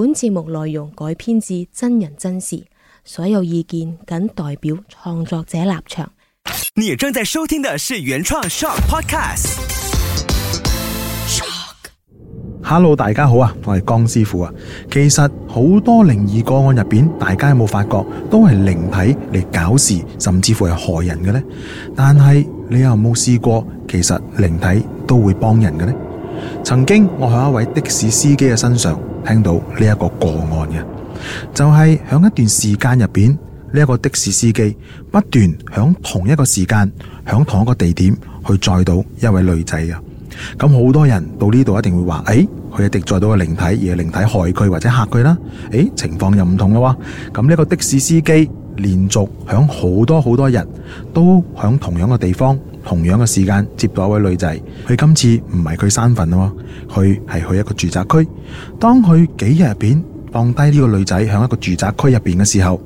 本節目內容改編自真人真事，所有意見僅代表創作者立場。你正在收聽的是原創 Shock Podcast。Shock Hello，大家好啊，我係江師傅啊。其實好多靈異個案入邊，大家有冇發覺都係靈體嚟搞事，甚至乎係害人嘅呢？但係你有冇試過，其實靈體都會幫人嘅呢？曾經我喺一位的士司機嘅身上。聽到呢一個個案嘅，就係響一段時間入邊，呢一個的士司機不斷響同一個時間，響同一個地點去載到一位女仔啊。咁好多人到呢度一定會話：誒，佢一直載到個靈體，而係靈體害佢或者吓佢啦。誒，情況又唔同啦。咁呢個的士司機連續響好多好多日，都響同樣嘅地方，同樣嘅時間接咗一位女仔，佢今次唔係去山墳咯，哦，佢係去一個住宅區。當佢幾日入邊放低呢個女仔響一個住宅區入邊嘅時候，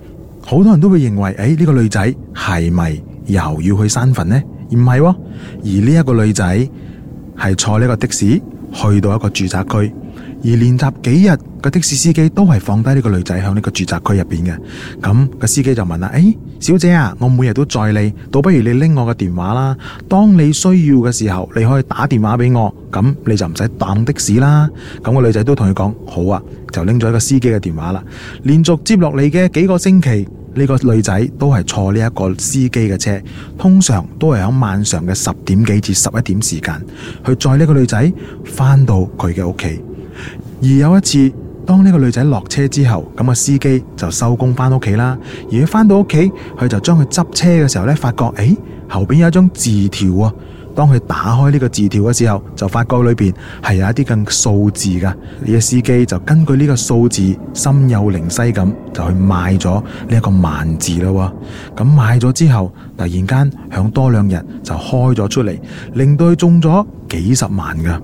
好多人都會認為誒呢、欸，這個女仔係咪又要去山墳呢？而唔係，哦，而呢一個女仔係坐呢個的士去到一個住宅區。而連續幾日，個的士司機都係放低呢個女仔喺呢個住宅區入邊嘅。咁個司機就問啦：，誒、欸，小姐啊，我每日都載你，倒不如你拎我個電話啦。當你需要嘅時候，你可以打電話俾我，咁你就唔使等的士啦。咁、那個女仔都同佢講好啊，就拎咗一個司機嘅電話啦。連續接落嚟嘅幾個星期，呢、這個女仔都係坐呢一個司機嘅車，通常都係喺晚上嘅十點幾至十一點時間去載呢個女仔返到佢嘅屋企。而有一次，當呢個女仔落車之後，咁個司機就收工翻屋企啦。而佢翻到屋企，佢就將佢執車嘅時候咧，發覺誒、哎、後邊有一張字條啊。當佢打開呢個字條嘅時候，就發覺裏邊係有一啲咁數字噶。呢、這個司機就根據呢個數字，心有靈犀咁就去賣咗呢一個萬字啦。咁賣咗之後，突然間響多兩日就開咗出嚟，令到佢中咗幾十萬噶。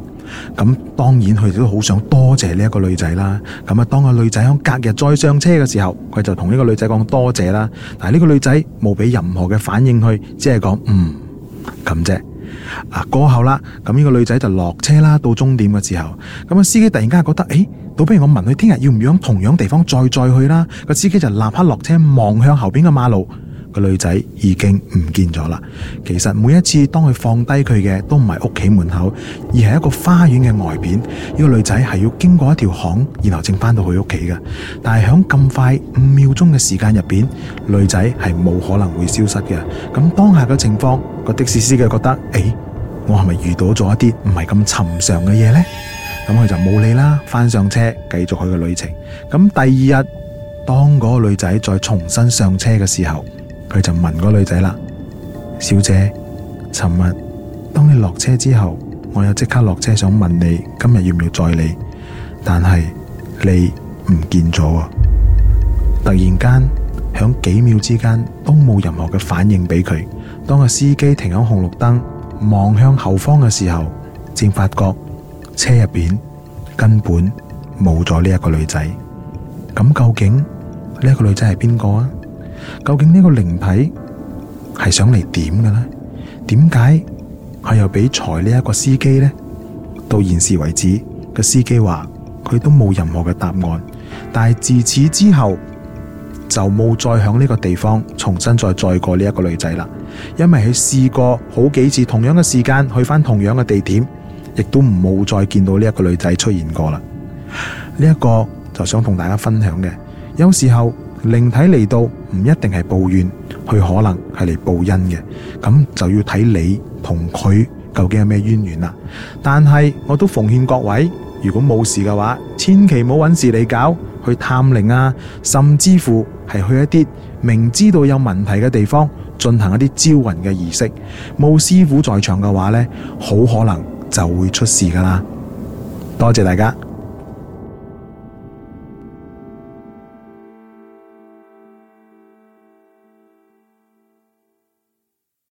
咁當然佢亦都好想多謝呢一個女仔啦。咁啊，當個女仔響隔日再上車嘅時候，佢就同呢個女仔講多謝啦。但係呢個女仔冇俾任何嘅反應，佢只係講嗯咁啫。啊過後啦，咁呢個女仔就落車啦。到終點嘅時候，咁啊司機突然間覺得誒、欸，倒不如我問佢聽日要唔要響同樣地方再再去啦。個司機就立刻落車望向後邊嘅馬路。個女仔已經唔見咗啦。其實每一次當佢放低佢嘅都唔係屋企門口，而係一個花園嘅外邊。呢個女仔係要經過一條巷，然後正翻到佢屋企嘅。但係響咁快五秒鐘嘅時間入邊，女仔係冇可能會消失嘅。咁當下嘅情況，個的士司機覺得：「誒、欸，我係咪遇到咗一啲唔係咁尋常嘅嘢呢？」咁佢就冇理啦，翻上車繼續佢嘅旅程。咁第二日當嗰個女仔再重新上車嘅時候，佢就問個女仔啦，小姐，尋日當你落車之後，我又即刻落車想問你今日要唔要再嚟，但係你唔見咗啊！突然間響幾秒之間都冇任何嘅反應俾佢。當個司機停響紅綠燈望向後方嘅時候，先發覺車入邊根本冇咗呢一個女仔。咁究竟呢一個女仔係邊個啊？究竟呢個靈體係想嚟點嘅呢？點解佢又俾財呢一個司機呢？到現時為止，個司機話佢都冇任何嘅答案，但係自此之後就冇再響呢個地方重新再載過呢一個女仔啦。因為佢試過好幾次同樣嘅時間去返同樣嘅地點，亦都冇再見到呢一個女仔出現過啦。呢一個就想同大家分享嘅，有時候。靈體嚟到唔一定係報怨，佢可能係嚟報恩嘅，咁就要睇你同佢究竟有咩淵源啦。但係我都奉勸各位，如果冇事嘅話，千祈唔好揾事嚟搞，去探靈啊，甚至乎係去一啲明知道有問題嘅地方進行一啲招魂嘅儀式。冇師傅在場嘅話呢，好可能就會出事噶啦。多謝大家。